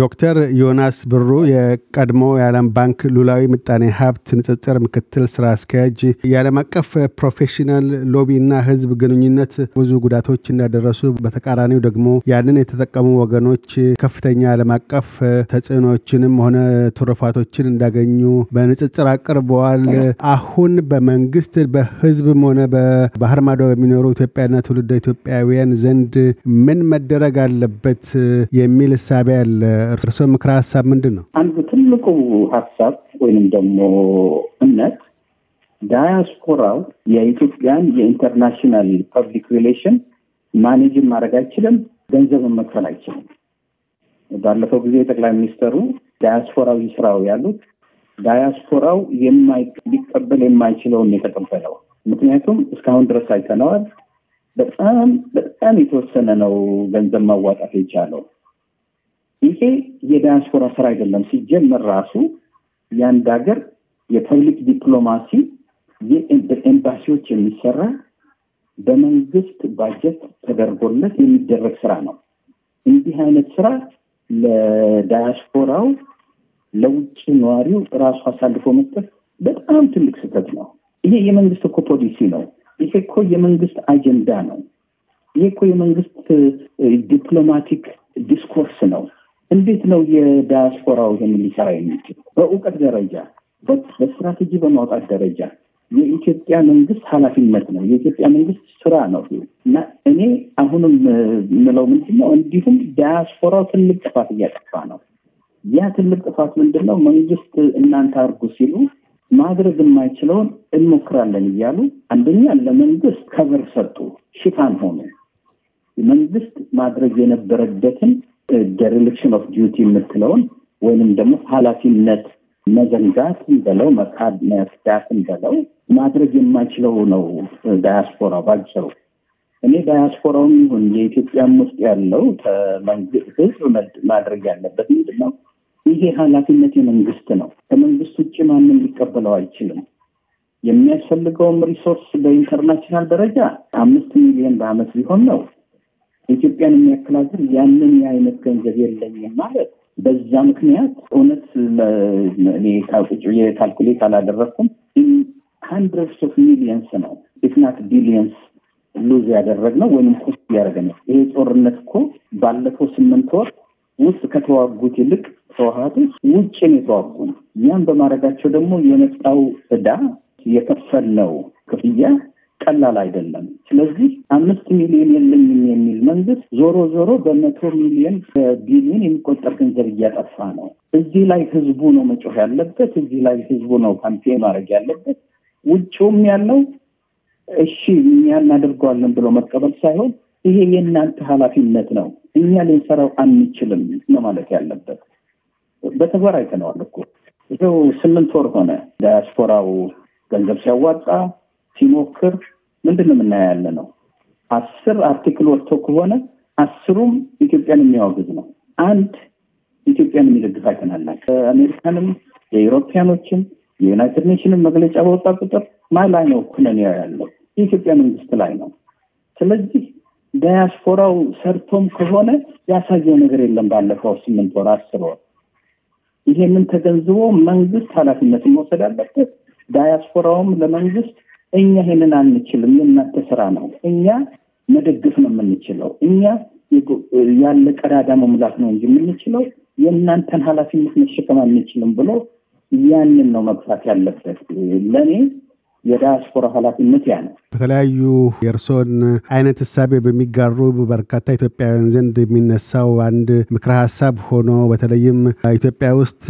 ዶክተር ዮናስ ብሩ የቀድሞ የዓለም ባንክ ሉላዊ ምጣኔ ሀብት ንጽጽር ምክትል ስራ አስኪያጅ፣ የዓለም አቀፍ ፕሮፌሽናል ሎቢና ህዝብ ግንኙነት ብዙ ጉዳቶች እንዳደረሱ፣ በተቃራኒው ደግሞ ያንን የተጠቀሙ ወገኖች ከፍተኛ ዓለም አቀፍ ተጽዕኖዎችንም ሆነ ትሩፋቶችን እንዳገኙ በንጽጽር አቅርበዋል። አሁን በመንግስት በህዝብም ሆነ በባህር ማዶ በሚኖሩ ኢትዮጵያና ትውልደ ኢትዮጵያውያን ዘንድ ምን መደረግ አለበት የሚል እሳቢያ አለ። የእርስዎ ምክረ ሀሳብ ምንድን ነው? አንዱ ትልቁ ሀሳብ ወይንም ደግሞ እምነት ዳያስፖራው የኢትዮጵያን የኢንተርናሽናል ፐብሊክ ሪሌሽን ማኔጅን ማድረግ አይችልም፣ ገንዘብን መክፈል አይችልም። ባለፈው ጊዜ ጠቅላይ ሚኒስተሩ ዳያስፖራው ይስራው ያሉት ዳያስፖራው ሊቀበል የማይችለውን የተቀበለው ምክንያቱም እስካሁን ድረስ አይተነዋል። በጣም በጣም የተወሰነ ነው ገንዘብ ማዋጣት የቻለው ይሄ የዳያስፖራ ስራ አይደለም። ሲጀመር ራሱ የአንድ ሀገር የፐብሊክ ዲፕሎማሲ በኤምባሲዎች የሚሰራ በመንግስት ባጀት ተደርጎለት የሚደረግ ስራ ነው። እንዲህ አይነት ስራ ለዳያስፖራው ለውጭ ነዋሪው ራሱ አሳልፎ መስጠት በጣም ትልቅ ስህተት ነው። ይሄ የመንግስት እኮ ፖሊሲ ነው። ይሄ እኮ የመንግስት አጀንዳ ነው። ይሄ እኮ የመንግስት ዲፕሎማቲክ ዲስኮርስ ነው። እንዴት ነው የዳያስፖራው ይህን ሊሰራ የሚችል? በእውቀት ደረጃ በስትራቴጂ በማውጣት ደረጃ የኢትዮጵያ መንግስት ኃላፊነት ነው። የኢትዮጵያ መንግስት ስራ ነው እና እኔ አሁንም ምለው ምንድን ነው፣ እንዲሁም ዳያስፖራው ትልቅ ጥፋት እያጠፋ ነው። ያ ትልቅ ጥፋት ምንድን ነው? መንግስት እናንተ አድርጉ ሲሉ ማድረግ የማይችለውን እንሞክራለን እያሉ አንደኛ ለመንግስት ከብር ሰጡ፣ ሽፋን ሆኑ። መንግስት ማድረግ የነበረበትን ደሪሊክሽን ኦፍ ዲዩቲ የምትለውን ወይንም ደግሞ ኃላፊነት መዘንጋት እንበለው መካድ መፍዳት እንበለው ማድረግ የማይችለው ነው ዳያስፖራ ባጭሩ። እኔ ዳያስፖራውም ይሁን የኢትዮጵያም ውስጥ ያለው ህዝብ ማድረግ ያለበት ምንድን ነው? ይሄ ኃላፊነት የመንግስት ነው። ከመንግስት ውጭ ማንም ሊቀበለው አይችልም። የሚያስፈልገውም ሪሶርስ በኢንተርናሽናል ደረጃ አምስት ሚሊዮን በአመት ሊሆን ነው ኢትዮጵያን የሚያከላዝብ ያንን የአይነት ገንዘብ የለኝም ማለት በዛ ምክንያት እውነት ቁጭ ካልኩሌት አላደረግኩም። ሀንድረድስ ኦፍ ሚሊየንስ ነው ኢትናት ቢሊየንስ ሉዝ ያደረግ ነው ወይም ኮስ ያደረገ ነው። ይሄ ጦርነት እኮ ባለፈው ስምንት ወር ውስጥ ከተዋጉት ይልቅ ህወሓቶች ውጭን የተዋጉ ነው። ያን በማድረጋቸው ደግሞ የመጣው እዳ የከፈል ነው ክፍያ ቀላል አይደለም። ስለዚህ አምስት ሚሊዮን የለኝም የሚል መንግስት ዞሮ ዞሮ በመቶ ሚሊዮን ቢሊዮን የሚቆጠር ገንዘብ እያጠፋ ነው። እዚህ ላይ ህዝቡ ነው መጮህ ያለበት። እዚህ ላይ ህዝቡ ነው ካምፔን ማድረግ ያለበት። ውጭውም ያለው እሺ እኛ እናደርገዋለን ብሎ መቀበል ሳይሆን ይሄ የእናንተ ኃላፊነት ነው፣ እኛ ልንሰራው አንችልም ነው ማለት ያለበት። በተግባር አይተነዋል እኮ ይኸው ስምንት ወር ሆነ ዳያስፖራው ገንዘብ ሲያዋጣ ሲሞክር ምንድን ነው የምናየው ያለ ነው አስር አርቲክል ወጥቶ ከሆነ አስሩም ኢትዮጵያን የሚያወግዝ ነው። አንድ ኢትዮጵያን የሚደግፍ አይተን አሜሪካንም፣ የኢሮፓያኖችም የዩናይትድ ኔሽንን መግለጫ በወጣ ቁጥር ማ ላይ ነው ኩነኔ ያለው? የኢትዮጵያ መንግስት ላይ ነው። ስለዚህ ዳያስፖራው ሰርቶም ከሆነ ያሳየው ነገር የለም። ባለፈው ስምንት ወር አስር ወር ይሄንን ተገንዝቦ መንግስት ኃላፊነትን መውሰድ አለበት። ዳያስፖራውም ለመንግስት እኛ ይህንን አንችልም፣ የእናንተ ስራ ነው። እኛ መደግፍ ነው የምንችለው። እኛ ያለ ቀዳዳ መሙላት ነው እንጂ የምንችለው የእናንተን ኃላፊነት መሸከም አንችልም ብሎ ያንን ነው መግፋት ያለበት። ለእኔ የዳያስፖራ ኃላፊነት ያ ነው። በተለያዩ የእርሶን አይነት እሳቤ በሚጋሩ በርካታ ኢትዮጵያውያን ዘንድ የሚነሳው አንድ ምክረ ሀሳብ ሆኖ በተለይም ኢትዮጵያ ውስጥ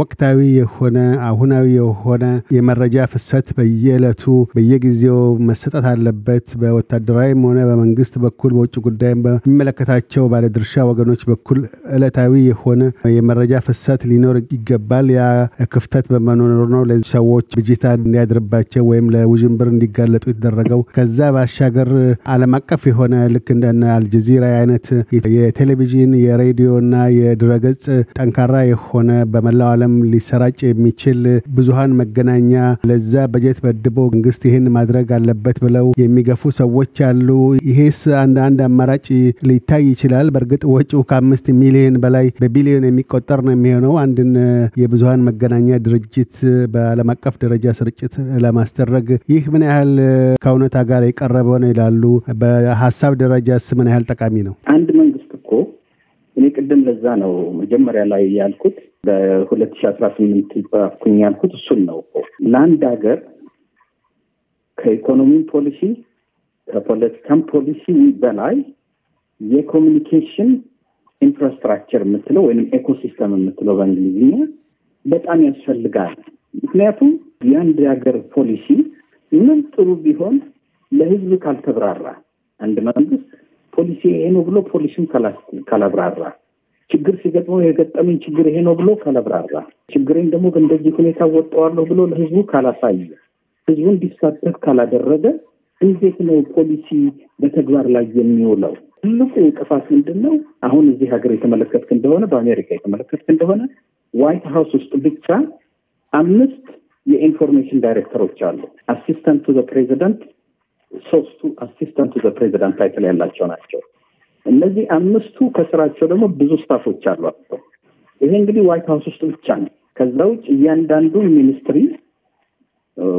ወቅታዊ የሆነ አሁናዊ የሆነ የመረጃ ፍሰት በየዕለቱ በየጊዜው መሰጠት አለበት። በወታደራዊም ሆነ በመንግስት በኩል በውጭ ጉዳይም በሚመለከታቸው ባለድርሻ ወገኖች በኩል ዕለታዊ የሆነ የመረጃ ፍሰት ሊኖር ይገባል። ያ ክፍተት በመኖሩ ነው ለሰዎች ብጅታ እንዲያድርባቸው ወይም ለውዥንብር እንዲጋለጡ የተደረገው። ከዛ ባሻገር ዓለም አቀፍ የሆነ ልክ እንደነ አልጀዚራ አይነት የቴሌቪዥን የሬዲዮና የድረገጽ ጠንካራ የሆነ በመላው ዓለም ሊሰራጭ የሚችል ብዙሃን መገናኛ ለዛ በጀት በድቦ መንግስት ይህን ማድረግ አለበት ብለው የሚገፉ ሰዎች አሉ። ይሄስ አንድ አንድ አማራጭ ሊታይ ይችላል። በእርግጥ ወጪው ከአምስት ሚሊዮን በላይ በቢሊዮን የሚቆጠር ነው የሚሆነው አንድን የብዙሀን መገናኛ ድርጅት በዓለም አቀፍ ደረጃ ስርጭት ለማስደረግ ይህ ምን ያህል ከእውነታ ጋር የቀረበ ነው ይላሉ። በሀሳብ ደረጃ ስምን ያህል ጠቃሚ ነው? አንድ መንግስት እኮ እኔ ቅድም ለዛ ነው መጀመሪያ ላይ ያልኩት በሁለት ሺ አስራ ስምንት ጻፍኩኝ ያልኩት እሱን ነው። ለአንድ ሀገር ከኢኮኖሚም ፖሊሲ ከፖለቲካም ፖሊሲ በላይ የኮሚኒኬሽን ኢንፍራስትራክቸር የምትለው ወይም ኤኮሲስተም የምትለው በእንግሊዝኛ በጣም ያስፈልጋል። ምክንያቱም የአንድ ሀገር ፖሊሲ ምን ጥሩ ቢሆን ለህዝብ ካልተብራራ አንድ መንግስት ፖሊሲ ይሄ ነው ብሎ ፖሊሲም ካላብራራ ችግር ሲገጥመው የገጠመኝ ችግር ይሄ ነው ብሎ ካላብራራ ችግሬን ደግሞ በእንደዚህ ሁኔታ ወጠዋለሁ ብሎ ለህዝቡ ካላሳየ ህዝቡ እንዲሳተፍ ካላደረገ እንዴት ነው ፖሊሲ በተግባር ላይ የሚውለው? ትልቁ እንቅፋት ምንድን ነው? አሁን እዚህ ሀገር የተመለከትክ እንደሆነ በአሜሪካ የተመለከትክ እንደሆነ ዋይት ሀውስ ውስጥ ብቻ አምስት የኢንፎርሜሽን ዳይሬክተሮች አሉ። አሲስተንት ቱ ፕሬዚደንት፣ ሶስቱ አሲስተንት ቱ ፕሬዚደንት ታይትል ያላቸው ናቸው። እነዚህ አምስቱ ከስራቸው ደግሞ ብዙ ስታፎች አሏቸው። ይሄ እንግዲህ ዋይት ሀውስ ውስጥ ብቻ ነው። ከዛ ውጭ እያንዳንዱ ሚኒስትሪ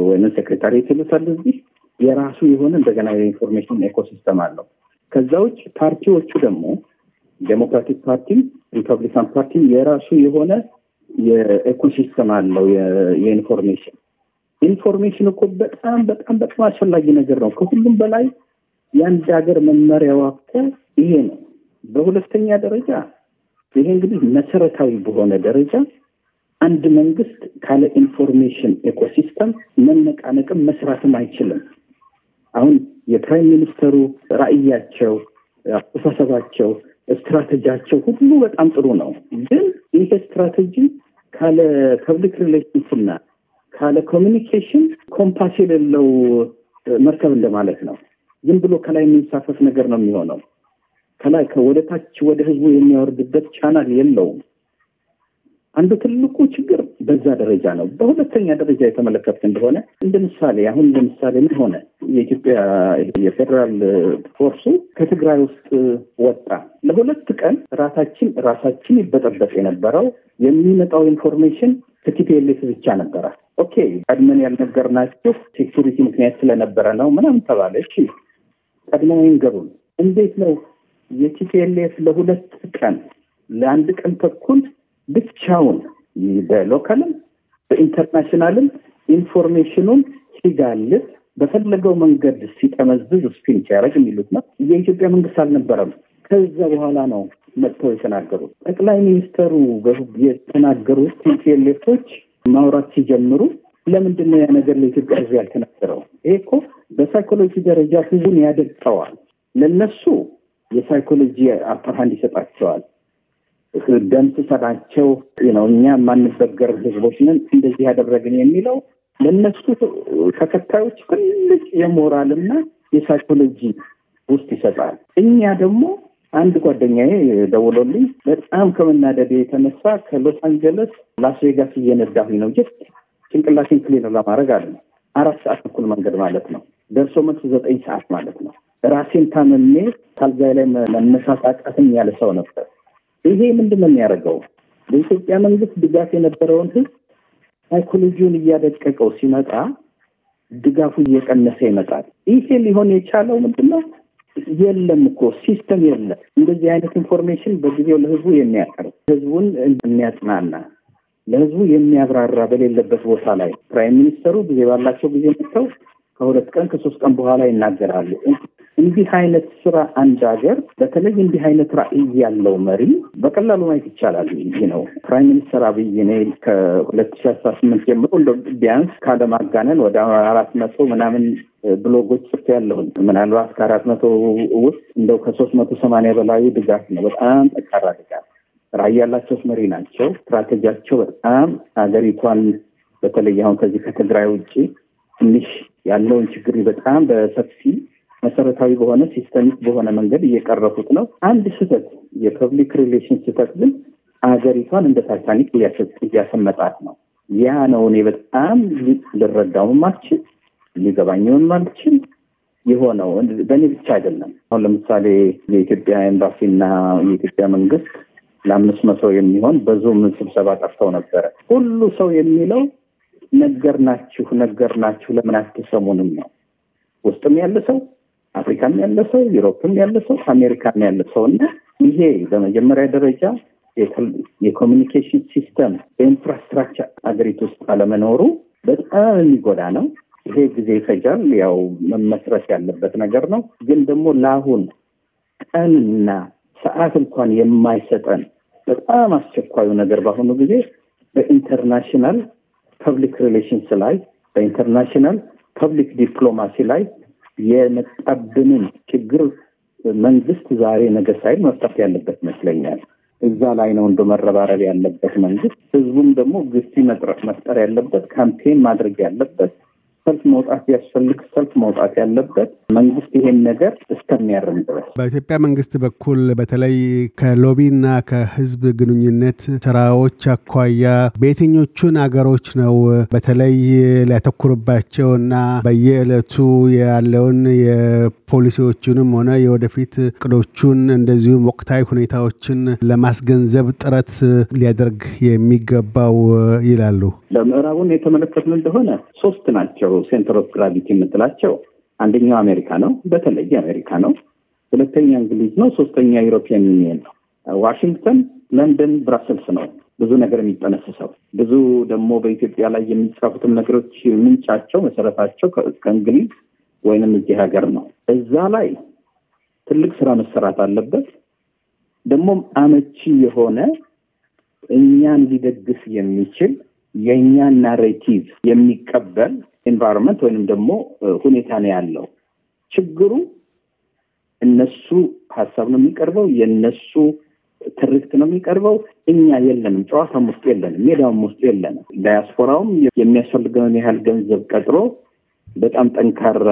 ወይም ሴክሬታሪ ይሉታል እዚህ የራሱ የሆነ እንደገና የኢንፎርሜሽን ኤኮሲስተም አለው። ከዛ ውጭ ፓርቲዎቹ ደግሞ ዴሞክራቲክ ፓርቲም ሪፐብሊካን ፓርቲም የራሱ የሆነ የኢኮሲስተም አለው የኢንፎርሜሽን ኢንፎርሜሽን እኮ በጣም በጣም በጣም አስፈላጊ ነገር ነው። ከሁሉም በላይ የአንድ ሀገር መመሪያው እኮ ይሄ ነው። በሁለተኛ ደረጃ ይሄ እንግዲህ መሰረታዊ በሆነ ደረጃ አንድ መንግስት ካለ ኢንፎርሜሽን ኤኮሲስተም መነቃነቅም መስራትም አይችልም። አሁን የፕራይም ሚኒስተሩ ራዕያቸው፣ አስተሳሰባቸው፣ ስትራቴጂያቸው ሁሉ በጣም ጥሩ ነው። ግን ይሄ ስትራቴጂ ካለ ፐብሊክ ሪሌሽንስ እና ካለ ኮሚኒኬሽን ኮምፓስ የሌለው መርከብ እንደማለት ነው። ዝም ብሎ ከላይ የሚንሳፈፍ ነገር ነው የሚሆነው። ከላይ ወደ ታች ወደ ህዝቡ የሚያወርድበት ቻናል የለውም። አንዱ ትልቁ ችግር በዛ ደረጃ ነው። በሁለተኛ ደረጃ የተመለከት እንደሆነ እንደ ምሳሌ አሁን እንደ ምሳሌ ምን ሆነ? የኢትዮጵያ የፌዴራል ፎርሱ ከትግራይ ውስጥ ወጣ። ለሁለት ቀን ራሳችን ራሳችን ይበጠበጥ የነበረው የሚመጣው ኢንፎርሜሽን ከቲፒኤልኤፍ ብቻ ነበረ። ኦኬ ቀድመን ያልነገርናችሁ ሴኩሪቲ ምክንያት ስለነበረ ነው ምናምን ተባለ። እሺ ቀድመው ይንገሩን። እንዴት ነው የቲፒኤልኤፍ ለሁለት ቀን ለአንድ ቀን ተኩል ብቻውን በሎካልም በኢንተርናሽናልም ኢንፎርሜሽኑን ሲጋልጥ በፈለገው መንገድ ሲጠመዝዝ ስፒን ሲያደርግ የሚሉት ነው። የኢትዮጵያ መንግስት አልነበረም። ከዛ በኋላ ነው መጥተው የተናገሩት። ጠቅላይ ሚኒስተሩ የተናገሩት ቲፒኤልኤፎች ማውራት ሲጀምሩ ለምንድን ነው ያ ነገር ለኢትዮጵያ ሕዝብ ያልተነገረው? ይሄ እኮ በሳይኮሎጂ ደረጃ ሕዝቡን ያደርጠዋል። ለነሱ የሳይኮሎጂ አፐርሃንድ ይሰጣቸዋል። ደምስሰናቸው ነው እኛ የማንበገር ህዝቦች ነን እንደዚህ ያደረግን የሚለው ለእነሱ ተከታዮች ትልቅ የሞራልና የሳይኮሎጂ ውስጥ ይሰጣል። እኛ ደግሞ አንድ ጓደኛዬ ደውሎልኝ በጣም ከመናደድ የተነሳ ከሎስ አንጀለስ ላስ ቬጋስ እየነዳሁኝ ነው ጀት ጭንቅላሴን ክሊር ለማድረግ አለ አራት ሰዓት እኩል መንገድ ማለት ነው ደርሶ መልስ ዘጠኝ ሰዓት ማለት ነው። ራሴን ታመሜ ካልጋ ላይ መነሳት ያለ ሰው ነበር። ይሄ ምንድን ነው የሚያደርገው? በኢትዮጵያ መንግስት ድጋፍ የነበረውን ህዝብ ሳይኮሎጂውን እያደቀቀው ሲመጣ ድጋፉ እየቀነሰ ይመጣል። ይሄ ሊሆን የቻለው ምንድን ነው? የለም እኮ ሲስተም የለም። እንደዚህ አይነት ኢንፎርሜሽን በጊዜው ለህዝቡ የሚያቀርብ ህዝቡን የሚያጽናና ለህዝቡ የሚያብራራ በሌለበት ቦታ ላይ ፕራይም ሚኒስተሩ ጊዜ ባላቸው ጊዜ መጥተው ከሁለት ቀን ከሶስት ቀን በኋላ ይናገራሉ። እንዲህ አይነት ስራ አንድ ሀገር በተለይ እንዲህ አይነት ራዕይ ያለው መሪ በቀላሉ ማየት ይቻላል። ይህ ነው ፕራይም ሚኒስተር አብይ እኔ ከሁለት ሺ አስራ ስምንት ጀምሮ ቢያንስ ካለማጋነን ወደ አራት መቶ ምናምን ብሎጎች ጽፍ ያለውን ምናልባት ከአራት መቶ ውስጥ እንደው ከሶስት መቶ ሰማንያ በላዩ ድጋፍ ነው። በጣም ጠቃራ ድጋፍ ራዕይ ያላቸው መሪ ናቸው። ስትራቴጂያቸው በጣም ሀገሪቷን በተለይ አሁን ከዚህ ከትግራይ ውጭ ትንሽ ያለውን ችግር በጣም በሰፊ መሰረታዊ በሆነ ሲስተሚክ በሆነ መንገድ እየቀረፉት ነው። አንድ ስህተት፣ የፐብሊክ ሪሌሽን ስህተት ግን አገሪቷን እንደ ታይታኒክ እያሰመጣት ነው። ያ ነው እኔ በጣም ልረዳውም አልችል ሊገባኝም አልችል የሆነው በእኔ ብቻ አይደለም። አሁን ለምሳሌ የኢትዮጵያ ኤምባሲና የኢትዮጵያ መንግስት ለአምስት መቶ የሚሆን በዙም ስብሰባ ጠርተው ነበረ። ሁሉ ሰው የሚለው ነገር ናችሁ ነገር ናችሁ ለምን አትሰሙንም ነው። ውስጥም ያለ ሰው አፍሪካም ያለ ሰው፣ ዩሮፕም ያለ ሰው፣ አሜሪካም ያለ ሰው እና ይሄ በመጀመሪያ ደረጃ የኮሚኒኬሽን ሲስተም በኢንፍራስትራክቸር አገሪቱ ውስጥ አለመኖሩ በጣም የሚጎዳ ነው። ይሄ ጊዜ ይፈጃል። ያው መመስረት ያለበት ነገር ነው። ግን ደግሞ ለአሁን ቀንና ሰዓት እንኳን የማይሰጠን በጣም አስቸኳዩ ነገር በአሁኑ ጊዜ በኢንተርናሽናል ፐብሊክ ሪሌሽንስ ላይ በኢንተርናሽናል ፐብሊክ ዲፕሎማሲ ላይ የመጣብንን ችግር መንግስት ዛሬ ነገ ሳይል መፍታት ያለበት ይመስለኛል። እዛ ላይ ነው እንደ መረባረብ ያለበት መንግስት። ህዝቡም ደግሞ ግፊት መፍጠር ያለበት ካምፔን ማድረግ ያለበት ሰልፍ መውጣት ያስፈልግ ሰልፍ መውጣት ያለበት መንግስት ይሄን ነገር እስከሚያርም ድረስ። በኢትዮጵያ መንግስት በኩል በተለይ ከሎቢና ከህዝብ ግንኙነት ስራዎች አኳያ በየትኞቹን አገሮች ነው በተለይ ሊያተኩርባቸው እና በየዕለቱ ያለውን የፖሊሲዎቹንም ሆነ የወደፊት እቅዶቹን እንደዚሁም ወቅታዊ ሁኔታዎችን ለማስገንዘብ ጥረት ሊያደርግ የሚገባው ይላሉ? ለምዕራቡን የተመለከትን እንደሆነ ሶስት ናቸው ሴንተር ኦፍ ግራቪቲ የምትላቸው አንደኛው አሜሪካ ነው፣ በተለይ አሜሪካ ነው። ሁለተኛ እንግሊዝ ነው። ሶስተኛ ዩሮፒያን ዩኒየን ነው። ዋሽንግተን፣ ለንደን፣ ብራሰልስ ነው ብዙ ነገር የሚጠነስሰው። ብዙ ደግሞ በኢትዮጵያ ላይ የሚጻፉትም ነገሮች ምንጫቸው መሰረታቸው ከእንግሊዝ ወይንም እዚህ ሀገር ነው። እዛ ላይ ትልቅ ስራ መሰራት አለበት። ደግሞም አመቺ የሆነ እኛን ሊደግፍ የሚችል የእኛን ናሬቲቭ የሚቀበል ኤንቫይሮንመንት ወይንም ደግሞ ሁኔታ ነው ያለው። ችግሩ እነሱ ሀሳብ ነው የሚቀርበው፣ የእነሱ ትርክት ነው የሚቀርበው። እኛ የለንም፣ ጨዋታም ውስጥ የለንም፣ ሜዳውም ውስጥ የለንም። ዳያስፖራውም የሚያስፈልገውን ያህል ገንዘብ ቀጥሮ በጣም ጠንካራ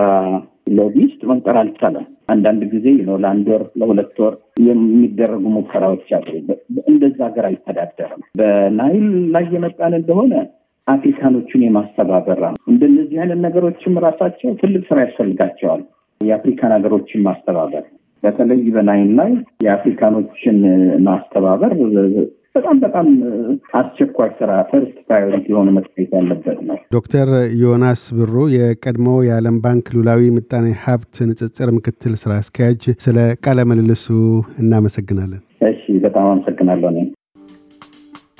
ሎቢስት መቅጠር አልቻለም። አንዳንድ ጊዜ ነው ለአንድ ወር ለሁለት ወር የሚደረጉ ሙከራዎች አሉ። እንደዛ ሀገር አይተዳደርም። በናይል ላይ የመጣን እንደሆነ አፍሪካኖቹን የማስተባበር ነው። እንደነዚህ አይነት ነገሮችም ራሳቸው ትልቅ ስራ ያስፈልጋቸዋል። የአፍሪካን ሀገሮችን ማስተባበር በተለይ በናይን ላይ የአፍሪካኖችን ማስተባበር በጣም በጣም አስቸኳይ ስራ ፈርስት ፕራዮሪቲ የሆነ መታየት ያለበት ነው። ዶክተር ዮናስ ብሩ የቀድሞ የዓለም ባንክ ሉላዊ ምጣኔ ሀብት ንጽጽር ምክትል ስራ አስኪያጅ፣ ስለ ቃለ ምልልሱ እናመሰግናለን። እሺ፣ በጣም አመሰግናለሁ።